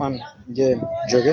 fan ngeen jóge